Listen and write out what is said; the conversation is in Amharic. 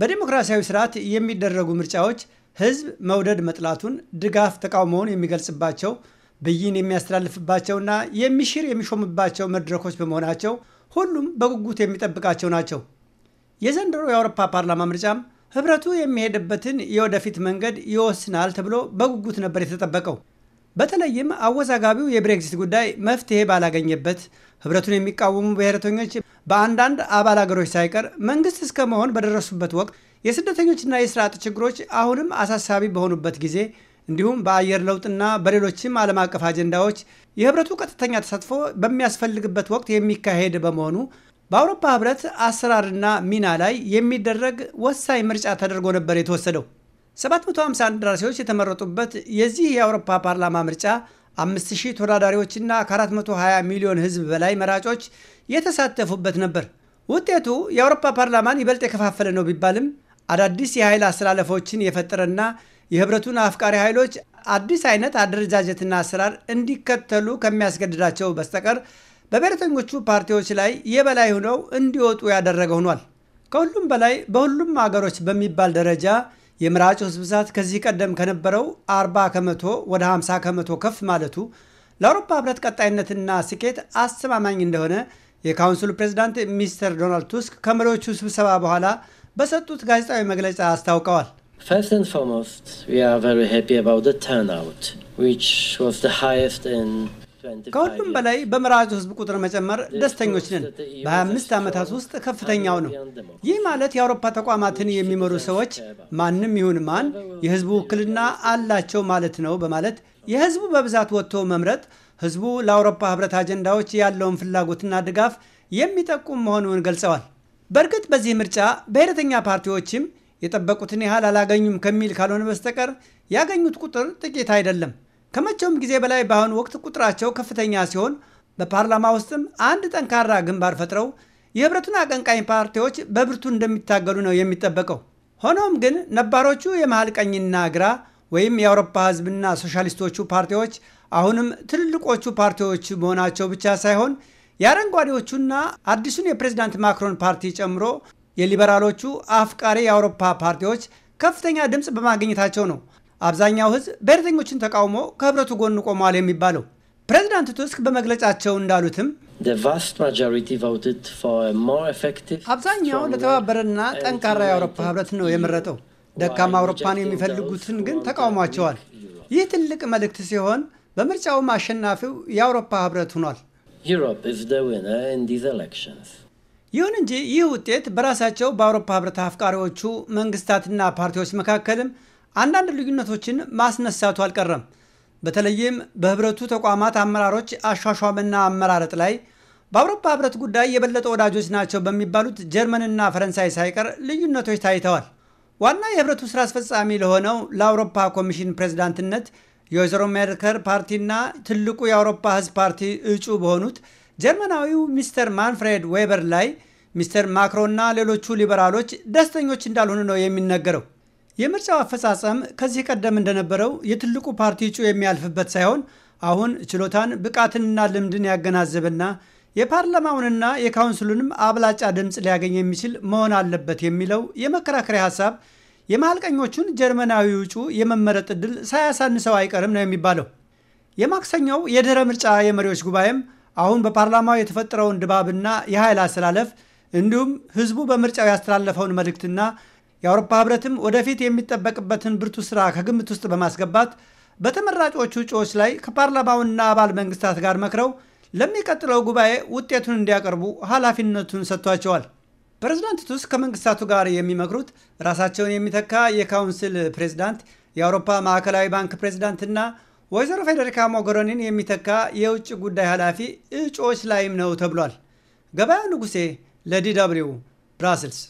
በዲሞክራሲያዊ ስርዓት የሚደረጉ ምርጫዎች ህዝብ መውደድ መጥላቱን፣ ድጋፍ ተቃውሞውን የሚገልጽባቸው ብይን የሚያስተላልፍባቸውና የሚሽር የሚሾምባቸው መድረኮች በመሆናቸው ሁሉም በጉጉት የሚጠብቃቸው ናቸው። የዘንድሮ የአውሮፓ ፓርላማ ምርጫም ህብረቱ የሚሄድበትን የወደፊት መንገድ ይወስናል ተብሎ በጉጉት ነበር የተጠበቀው። በተለይም አወዛጋቢው የብሬግዚት ጉዳይ መፍትሄ ባላገኘበት ህብረቱን የሚቃወሙ ብሔረተኞች በአንዳንድ አባል አገሮች ሳይቀር መንግስት እስከ መሆን በደረሱበት ወቅት የስደተኞችና የስራ አጥ ችግሮች አሁንም አሳሳቢ በሆኑበት ጊዜ እንዲሁም በአየር ለውጥና በሌሎችም ዓለም አቀፍ አጀንዳዎች የህብረቱ ቀጥተኛ ተሳትፎ በሚያስፈልግበት ወቅት የሚካሄድ በመሆኑ በአውሮፓ ህብረት አሰራርና ሚና ላይ የሚደረግ ወሳኝ ምርጫ ተደርጎ ነበር የተወሰደው። 750 ደራሲዎች የተመረጡበት የዚህ የአውሮፓ ፓርላማ ምርጫ 5000 ተወዳዳሪዎችና ከ420 ሚሊዮን ሕዝብ በላይ መራጮች የተሳተፉበት ነበር። ውጤቱ የአውሮፓ ፓርላማን ይበልጥ የከፋፈለ ነው ቢባልም አዳዲስ የኃይል አስተላለፎችን የፈጠረና የህብረቱን አፍቃሪ ኃይሎች አዲስ አይነት አደረጃጀትና አሰራር እንዲከተሉ ከሚያስገድዳቸው በስተቀር በብሔርተኞቹ ፓርቲዎች ላይ የበላይ ሆነው እንዲወጡ ያደረገ ሆኗል። ከሁሉም በላይ በሁሉም አገሮች በሚባል ደረጃ የምራጩ ህዝብ ብዛት ከዚህ ቀደም ከነበረው 40 ከመቶ ወደ 50 ከመቶ ከፍ ማለቱ ለአውሮፓ ህብረት ቀጣይነትና ስኬት አስተማማኝ እንደሆነ የካውንስሉ ፕሬዚዳንት ሚስተር ዶናልድ ቱስክ ከመሪዎቹ ስብሰባ በኋላ በሰጡት ጋዜጣዊ መግለጫ አስታውቀዋል። ከሁሉም በላይ በመራጩ ህዝብ ቁጥር መጨመር ደስተኞች ነን። በ25 ዓመታት ውስጥ ከፍተኛው ነው። ይህ ማለት የአውሮፓ ተቋማትን የሚመሩ ሰዎች ማንም ይሁን ማን የህዝቡ ውክልና አላቸው ማለት ነው በማለት የህዝቡ በብዛት ወጥቶ መምረጥ ህዝቡ ለአውሮፓ ህብረት አጀንዳዎች ያለውን ፍላጎትና ድጋፍ የሚጠቁም መሆኑን ገልጸዋል። በእርግጥ በዚህ ምርጫ ብሔረተኛ ፓርቲዎችም የጠበቁትን ያህል አላገኙም ከሚል ካልሆነ በስተቀር ያገኙት ቁጥር ጥቂት አይደለም። ከመቼውም ጊዜ በላይ በአሁኑ ወቅት ቁጥራቸው ከፍተኛ ሲሆን በፓርላማ ውስጥም አንድ ጠንካራ ግንባር ፈጥረው የህብረቱን አቀንቃኝ ፓርቲዎች በብርቱ እንደሚታገሉ ነው የሚጠበቀው። ሆኖም ግን ነባሮቹ የመሀል ቀኝና ግራ ወይም የአውሮፓ ህዝብና ሶሻሊስቶቹ ፓርቲዎች አሁንም ትልልቆቹ ፓርቲዎች መሆናቸው ብቻ ሳይሆን የአረንጓዴዎቹና አዲሱን የፕሬዚዳንት ማክሮን ፓርቲ ጨምሮ የሊበራሎቹ አፍቃሪ የአውሮፓ ፓርቲዎች ከፍተኛ ድምፅ በማግኘታቸው ነው አብዛኛው ህዝብ ብሔርተኞችን ተቃውሞ ከህብረቱ ጎን ቆሟል የሚባለው ፕሬዚዳንት ቱስክ በመግለጫቸው እንዳሉትም አብዛኛው ለተባበረና ጠንካራ የአውሮፓ ህብረት ነው የመረጠው። ደካማ አውሮፓን የሚፈልጉትን ግን ተቃውሟቸዋል። ይህ ትልቅ መልእክት ሲሆን በምርጫውም አሸናፊው የአውሮፓ ህብረት ሆኗል። ይሁን እንጂ ይህ ውጤት በራሳቸው በአውሮፓ ህብረት አፍቃሪዎቹ መንግስታትና ፓርቲዎች መካከልም አንዳንድ ልዩነቶችን ማስነሳቱ አልቀረም። በተለይም በህብረቱ ተቋማት አመራሮች አሿሿምና አመራረጥ ላይ በአውሮፓ ህብረት ጉዳይ የበለጠ ወዳጆች ናቸው በሚባሉት ጀርመንና ፈረንሳይ ሳይቀር ልዩነቶች ታይተዋል። ዋና የህብረቱ ስራ አስፈጻሚ ለሆነው ለአውሮፓ ኮሚሽን ፕሬዝዳንትነት የወይዘሮ ሜርከር ፓርቲና ትልቁ የአውሮፓ ህዝብ ፓርቲ እጩ በሆኑት ጀርመናዊው ሚስተር ማንፍሬድ ዌበር ላይ ሚስተር ማክሮና ሌሎቹ ሊበራሎች ደስተኞች እንዳልሆኑ ነው የሚነገረው። የምርጫው አፈጻጸም ከዚህ ቀደም እንደነበረው የትልቁ ፓርቲ እጩ የሚያልፍበት ሳይሆን አሁን ችሎታን ብቃትንና ልምድን ያገናዘበና የፓርላማውንና የካውንስሉንም አብላጫ ድምፅ ሊያገኝ የሚችል መሆን አለበት የሚለው የመከራከሪያ ሀሳብ የመሀልቀኞቹን ጀርመናዊ ውጩ የመመረጥ ዕድል ሳያሳንሰው አይቀርም ነው የሚባለው። የማክሰኛው የድህረ ምርጫ የመሪዎች ጉባኤም አሁን በፓርላማው የተፈጠረውን ድባብና የኃይል አሰላለፍ እንዲሁም ህዝቡ በምርጫው ያስተላለፈውን መልእክትና የአውሮፓ ህብረትም ወደፊት የሚጠበቅበትን ብርቱ ስራ ከግምት ውስጥ በማስገባት በተመራጮቹ እጩዎች ላይ ከፓርላማውና አባል መንግስታት ጋር መክረው ለሚቀጥለው ጉባኤ ውጤቱን እንዲያቀርቡ ኃላፊነቱን ሰጥቷቸዋል። ፕሬዚዳንት ቱስክ ከመንግስታቱ ጋር የሚመክሩት ራሳቸውን የሚተካ የካውንስል ፕሬዚዳንት፣ የአውሮፓ ማዕከላዊ ባንክ ፕሬዚዳንትና ወይዘሮ ፌዴሪካ ሞገሮኒን የሚተካ የውጭ ጉዳይ ኃላፊ እጩዎች ላይም ነው ተብሏል። ገበያው ንጉሴ ለዲ ደብልዩ ብራስልስ